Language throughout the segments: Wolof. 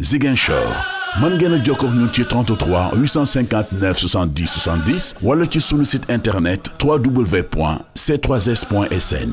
Ziguinchor mën ngeen a jokkoo ak ñun ci 33 859 70 70 wala ci sunu site internet www.c3s.sn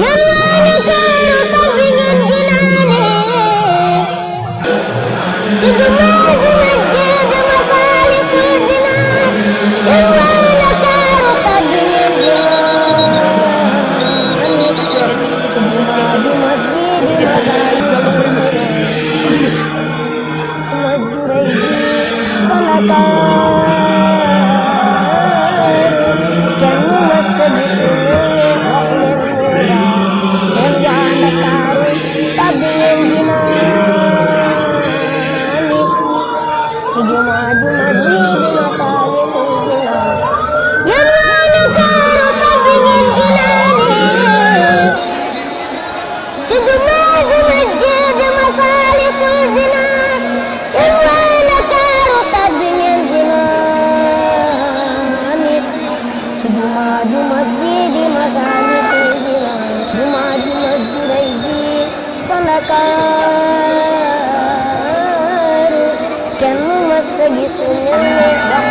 yàlla تمجد مسالك بما تمد نيجي فنكار كم مسجس من الرحمن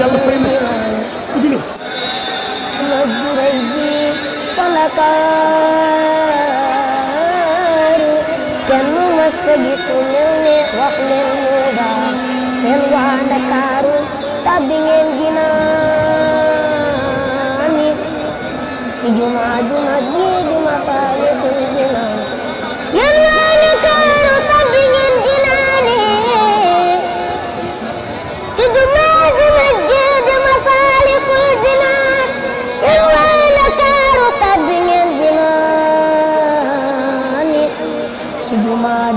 yàlla fay na dugg na. kenn mas a gis lu mel ne wax leen mu baax yéen waa Ndakaaru tàbbi ngeen ginaan ci juma juma ji di Masaalikul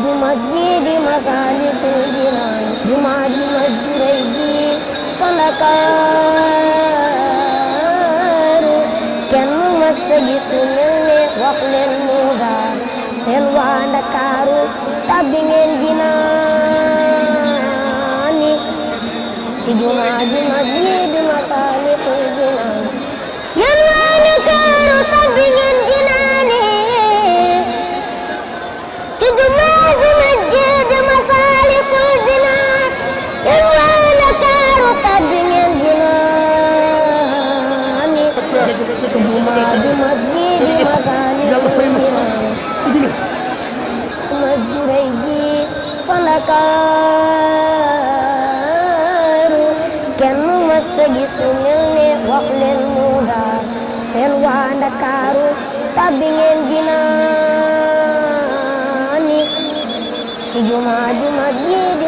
جمع الجيد مصالح الجيران جمع جمع الجريجي فلك kenn mas a gis mel waa Ndakaaru tàbbi ngeen dinaani ci jumaa ju di masaali sa gis mel ne wax mu daal leen waa Ndakaaru tàbbi ngeen ci juma juma ji di